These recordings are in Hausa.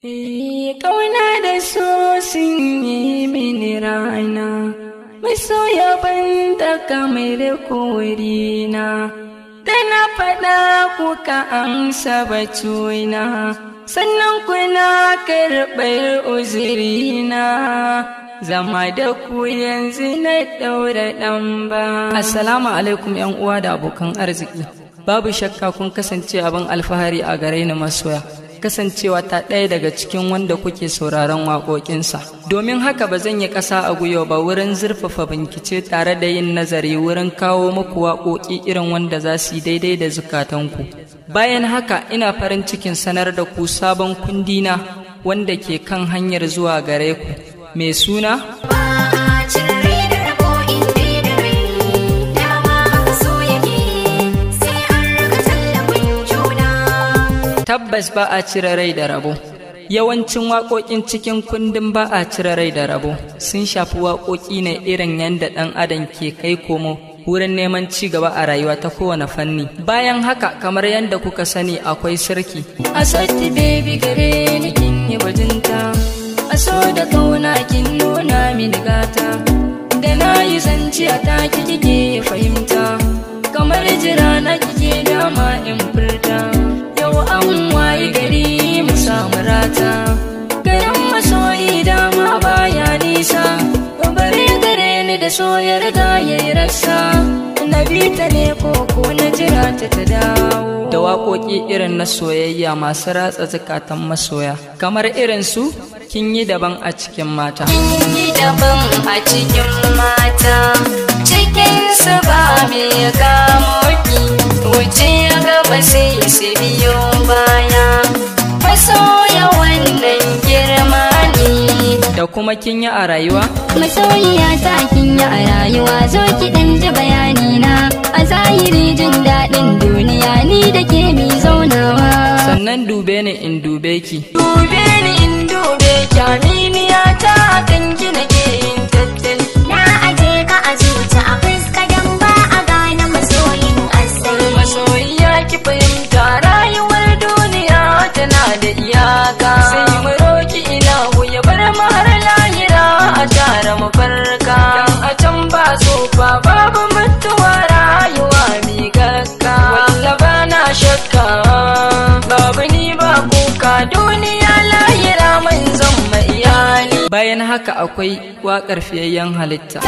Ƙauna eh, da so sun yi mini rana, masoya ban daga mai rikorina, na faɗa kuka amsa batuna, sannan kuna karɓar uzurina. Zama da ku yanzu na ɗaura ɗan ba. Assalamu alaikum uwa da abokan arziki, babu shakka kun kasance abin alfahari a gare ni masoya. kasancewa ta ɗaya daga cikin wanda kuke sauraron waƙoƙinsa. Domin haka ba zan yi ƙasa a gwiwa ba wurin zurfafa bincike tare da yin nazari wurin kawo muku waƙoƙi irin wanda za su yi daidai da zukatanku. Bayan haka ina farin cikin sanar da ku sabon kundina wanda ke kan hanyar zuwa gare ku. Mai suna? tabbas ba a cire rai da rabo yawancin waƙoƙin cikin kundin ba a cire rai da rabo sun shafi waƙoƙi ne irin yadda ɗan adam ke kai komo wurin neman ci gaba a rayuwa ta kowane fanni bayan haka kamar yadda kuka sani akwai sarki. a sati baby gare ni kin yi ta, a so da kauna kin nuna gata da na yi zance a taki kike fahimta kamar jira na kike dama in furta mun waye gari mu samu rata garin masoyi dama baya nisa bari gare ni da soyar da yi rasa na bita ne koko na jira ta ta dawo da waƙoƙi irin na soyayya masu ratsa zukatan masoya kamar irin su kin yi daban a cikin mata kin yi daban a cikin mata kuma kin yi a rayuwa? Masoyiya ta kin yi a rayuwa zo ki ɗan ji bayani na a zahiri jin daɗin duniya ni da ke mi zaunawa. Sannan dube ni in dube ki. Dube ni in dube ki aminiya ta haka akwai waƙar fiyayyen halitta.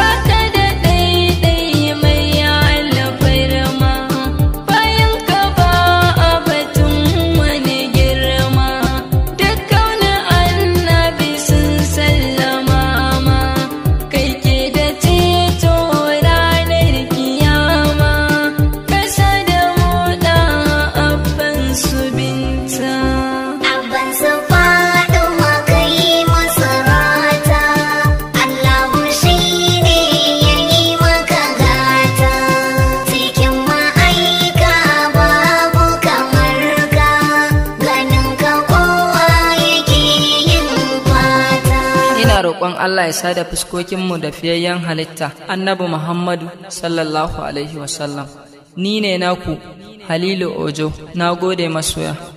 roƙon Allah ya sada fuskokinmu da fiyayyen halitta annabi Muhammadu sallallahu alaihi wasallam ni ne naku Halilu Ojo na gode masoya